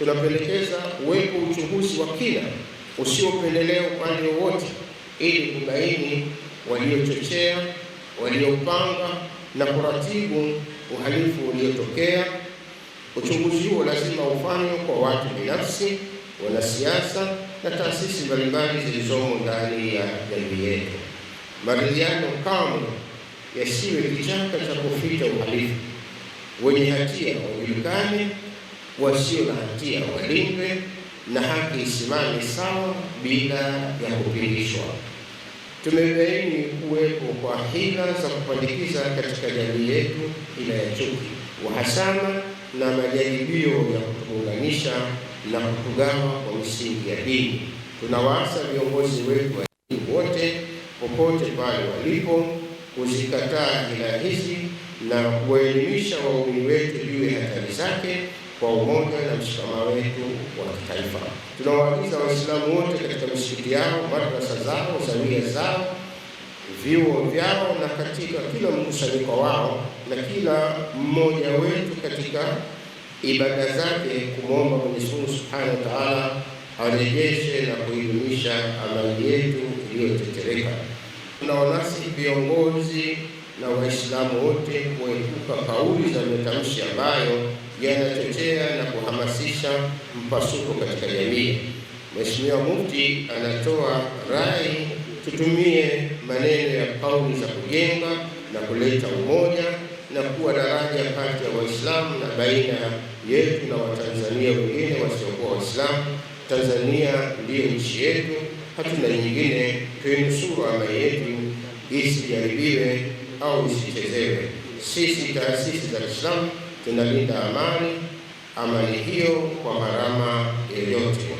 tunapendekeza uwepo uchunguzi wa kila usiopendelea upande wowote, ili kubaini waliochochea, waliopanga na kuratibu uhalifu uliotokea. Uchunguzi huo lazima ufanywe kwa watu binafsi, wanasiasa na taasisi mbalimbali zilizomo ndani ya jamii yetu. Maridhiano kamwe yasiwe kichaka cha kuficha uhalifu, wenye hatia wajulikane wasio na hatia walindwe na haki isimame sawa bila ya kupindishwa. Tumebaini kuwepo kwa hila za kupandikiza katika jamii yetu, ila ya chuki, uhasama na majaribio ya kutuunganisha na kutugawa kwa misingi ya dini. Tunawaasa viongozi wetu wa dini wote popote pale walipo kuzikataa hila hizi na kuwaelimisha waumini wetu juu ya hatari zake kwa umoja na mshikamano wetu wa kitaifa. Tunawaagiza Waislamu wote katika misikiti yao, madrasa zao, zawia zao, vyuo vyao na katika kila mkusanyiko wao na kila mmoja wetu katika ibada zake kumwomba Mwenyezi Mungu Subhanahu wa Ta'ala arejeshe na kuidumisha amani yetu iliyotetereka. tunaonasi viongozi na Waislamu wote kuepuka kauli za matamshi ambayo yanachochea na kuhamasisha mpasuko katika jamii. Mheshimiwa Mufti anatoa rai tutumie maneno ya kauli za kujenga na kuleta umoja na kuwa daraja kati ya Waislamu na baina yetu na Watanzania wengine wasiokuwa Waislamu. Tanzania ndiyo nchi yetu, hatuna nyingine. Tuinusuru amani yetu isijaribiwe au isichezewe. Sisi taasisi za Kiislamu tunalinda amani, amani hiyo kwa gharama yoyote.